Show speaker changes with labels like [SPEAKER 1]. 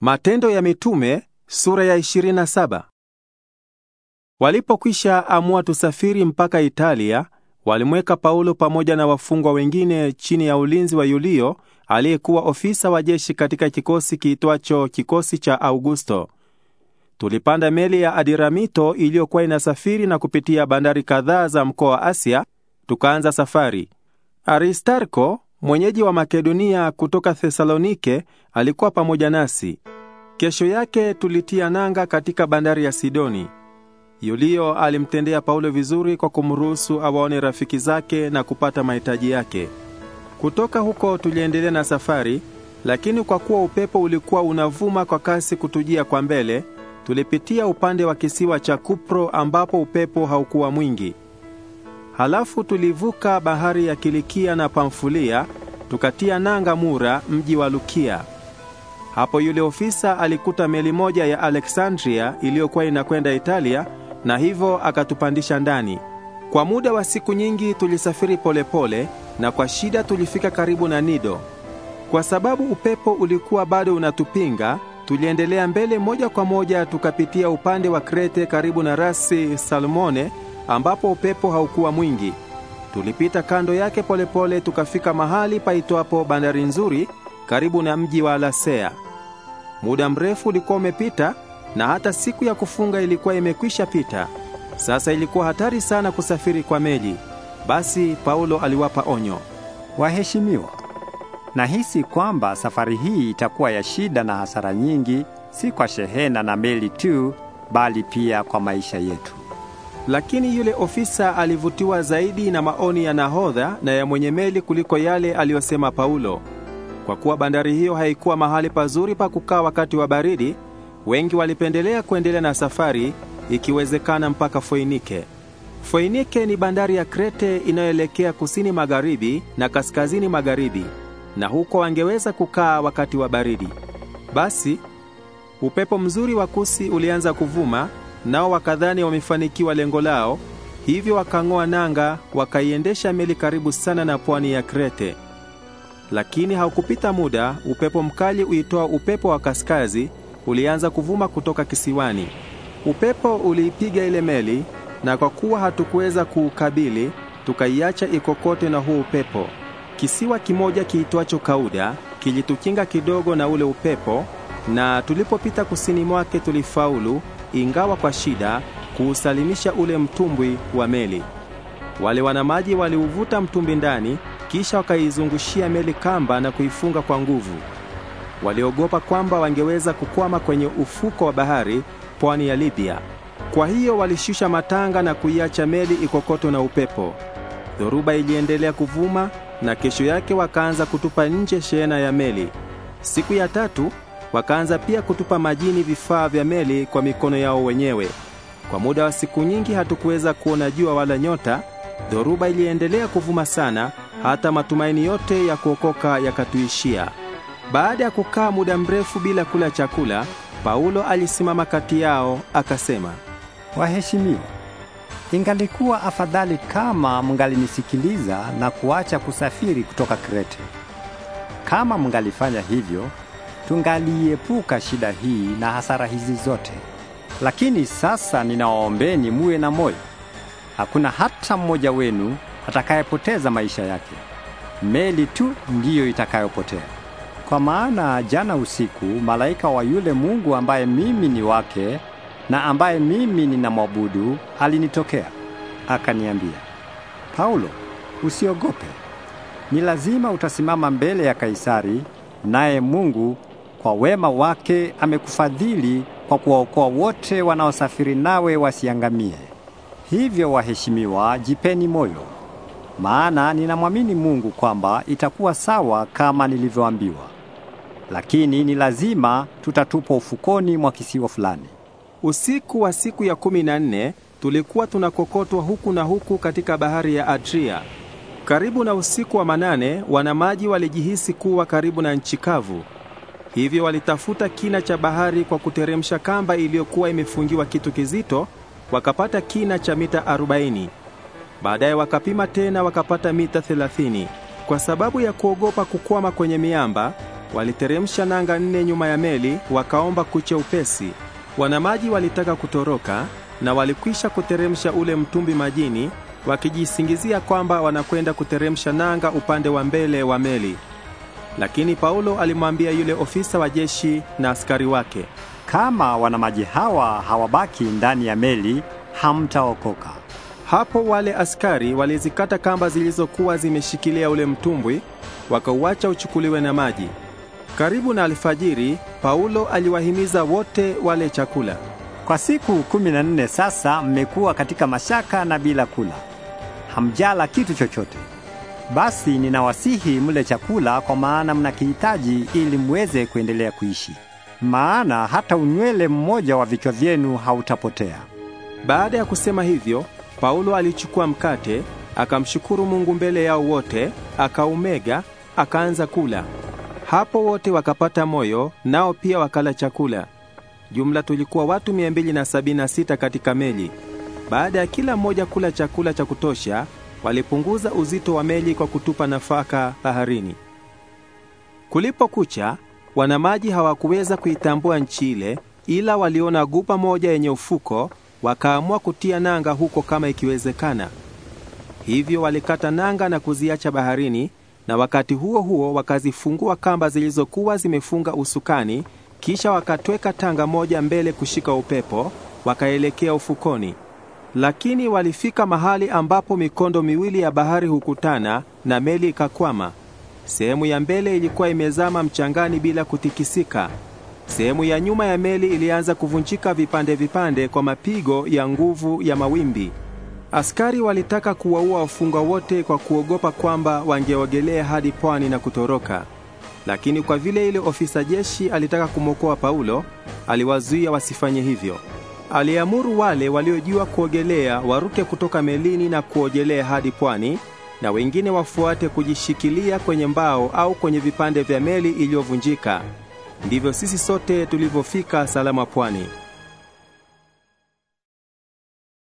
[SPEAKER 1] Matendo ya Mitume sura ya 27. Walipokwisha amua tusafiri mpaka Italia, walimweka Paulo pamoja na wafungwa wengine chini ya ulinzi wa Yulio, aliyekuwa ofisa wa jeshi katika kikosi kiitwacho kikosi cha Augusto. Tulipanda meli ya Adiramito iliyokuwa inasafiri na kupitia bandari kadhaa za mkoa wa Asia, tukaanza safari. Aristarko mwenyeji wa Makedonia kutoka Thesalonike, alikuwa pamoja nasi. Kesho yake tulitia nanga katika bandari ya Sidoni. Yulio alimtendea Paulo vizuri kwa kumruhusu awaone rafiki zake na kupata mahitaji yake. Kutoka huko tuliendelea na safari, lakini kwa kuwa upepo ulikuwa unavuma kwa kasi kutujia kwa mbele, tulipitia upande wa kisiwa cha Kupro ambapo upepo haukuwa mwingi. Halafu tulivuka bahari ya Kilikia na Pamfulia, tukatia nanga Mura, mji wa Lukia. Hapo yule ofisa alikuta meli moja ya Aleksandria iliyokuwa inakwenda Italia na hivyo akatupandisha ndani. Kwa muda wa siku nyingi tulisafiri polepole pole, na kwa shida tulifika karibu na Nido. Kwa sababu upepo ulikuwa bado unatupinga, tuliendelea mbele moja kwa moja tukapitia upande wa Krete karibu na rasi Salmone ambapo upepo haukuwa mwingi. Tulipita kando yake polepole pole, tukafika mahali paitwapo bandari nzuri karibu na mji wa alasea Muda mrefu ulikuwa umepita na hata siku ya kufunga ilikuwa imekwisha pita. Sasa ilikuwa hatari sana kusafiri kwa meli. Basi Paulo aliwapa onyo.
[SPEAKER 2] Waheshimiwa, nahisi kwamba safari hii itakuwa ya shida na hasara nyingi, si kwa shehena na meli tu, bali pia kwa maisha yetu.
[SPEAKER 1] Lakini yule ofisa alivutiwa zaidi na maoni ya nahodha na ya mwenye meli kuliko yale aliyosema Paulo. Kwa kuwa bandari hiyo haikuwa mahali pazuri pa kukaa wakati wa baridi, wengi walipendelea kuendelea na safari ikiwezekana mpaka Foinike. Foinike ni bandari ya Krete inayoelekea kusini magharibi na kaskazini magharibi, na huko wangeweza kukaa wakati wa baridi. Basi upepo mzuri wa kusi ulianza kuvuma nao wakadhani wamefanikiwa lengo lao, hivyo wakang'oa nanga, wakaiendesha meli karibu sana na pwani ya Krete. Lakini haukupita muda, upepo mkali uitoa upepo wa kaskazi ulianza kuvuma kutoka kisiwani. Upepo uliipiga ile meli, na kwa kuwa hatukuweza kuukabili, tukaiacha ikokote na huo upepo. Kisiwa kimoja kiitwacho Kauda kilitukinga kidogo na ule upepo, na tulipopita kusini mwake tulifaulu ingawa kwa shida, kuusalimisha ule mtumbwi wa meli. Wale wanamaji waliuvuta mtumbwi ndani, kisha wakaizungushia meli kamba na kuifunga kwa nguvu. Waliogopa kwamba wangeweza kukwama kwenye ufuko wa bahari pwani ya Libya. Kwa hiyo walishusha matanga na kuiacha meli ikokoto na upepo. Dhoruba iliendelea kuvuma na kesho yake wakaanza kutupa nje shehena ya meli. Siku ya tatu Wakaanza pia kutupa majini vifaa vya meli kwa mikono yao wenyewe. Kwa muda wa siku nyingi hatukuweza kuona jua wala nyota. Dhoruba iliendelea kuvuma sana, hata matumaini yote ya kuokoka yakatuishia. Baada ya kukaa muda mrefu bila kula chakula, Paulo alisimama kati yao akasema,
[SPEAKER 2] Waheshimiwa, ingalikuwa afadhali kama mngalinisikiliza na kuacha kusafiri kutoka Krete. Kama mngalifanya hivyo tungaliepuka shida hii na hasara hizi zote. Lakini sasa ninawaombeni muwe na moyo. Hakuna hata mmoja wenu atakayepoteza maisha yake. Meli tu ndiyo itakayopotea. Kwa maana jana usiku malaika wa yule Mungu ambaye mimi ni wake na ambaye mimi ninamwabudu alinitokea, akaniambia, Paulo, usiogope. Ni lazima utasimama mbele ya Kaisari, naye Mungu kwa wema wake amekufadhili kwa kuwaokoa wote wanaosafiri nawe wasiangamie. Hivyo waheshimiwa, jipeni moyo, maana ninamwamini Mungu kwamba itakuwa sawa kama nilivyoambiwa. Lakini ni lazima
[SPEAKER 1] tutatupwa ufukoni mwa kisiwa fulani. Usiku wa siku ya kumi na nne tulikuwa tunakokotwa huku na huku katika bahari ya Adria. Karibu na usiku wa manane, wanamaji walijihisi kuwa karibu na nchi kavu. Hivyo walitafuta kina cha bahari kwa kuteremsha kamba iliyokuwa imefungiwa kitu kizito, wakapata kina cha mita arobaini. Baadaye wakapima tena wakapata mita thelathini. Kwa sababu ya kuogopa kukwama kwenye miamba, waliteremsha nanga nne nyuma ya meli, wakaomba kucha upesi. Wanamaji walitaka kutoroka na walikwisha kuteremsha ule mtumbi majini, wakijisingizia kwamba wanakwenda kuteremsha nanga upande wa mbele wa meli. Lakini Paulo alimwambia yule ofisa wa jeshi na askari wake, kama wanamaji hawa hawabaki ndani ya meli, hamtaokoka. Hapo wale askari walizikata kamba zilizokuwa zimeshikilia ule mtumbwi, wakauacha uchukuliwe na maji. Karibu na alfajiri, Paulo aliwahimiza wote wale chakula. Kwa siku kumi na nne sasa mmekuwa
[SPEAKER 2] katika mashaka na bila kula. Hamjala kitu chochote. Basi ninawasihi mle chakula, kwa maana mnakihitaji ili mweze kuendelea kuishi. Maana hata unywele mmoja wa
[SPEAKER 1] vichwa vyenu hautapotea. Baada ya kusema hivyo, Paulo alichukua mkate, akamshukuru Mungu mbele yao wote, akaumega, akaanza kula. Hapo wote wakapata moyo, nao pia wakala chakula. Jumla tulikuwa watu 276 katika meli. Baada ya kila mmoja kula chakula cha kutosha, walipunguza uzito wa meli kwa kutupa nafaka baharini. Kulipokucha, wanamaji hawakuweza kuitambua nchi ile, ila waliona guba moja yenye ufuko, wakaamua kutia nanga huko kama ikiwezekana. Hivyo walikata nanga na kuziacha baharini, na wakati huo huo wakazifungua kamba zilizokuwa zimefunga usukani, kisha wakatweka tanga moja mbele kushika upepo, wakaelekea ufukoni. Lakini walifika mahali ambapo mikondo miwili ya bahari hukutana na meli ikakwama. Sehemu ya mbele ilikuwa imezama mchangani bila kutikisika. Sehemu ya nyuma ya meli ilianza kuvunjika vipande vipande kwa mapigo ya nguvu ya mawimbi. Askari walitaka kuwaua wafungwa wote kwa kuogopa kwamba wangeogelea hadi pwani na kutoroka. Lakini kwa vile ile ofisa jeshi alitaka kumwokoa Paulo, aliwazuia wasifanye hivyo aliamuru wale waliojua kuogelea waruke kutoka melini na kuogelea hadi pwani, na wengine wafuate kujishikilia kwenye mbao au kwenye vipande vya meli iliyovunjika. Ndivyo sisi sote tulivyofika salama pwani.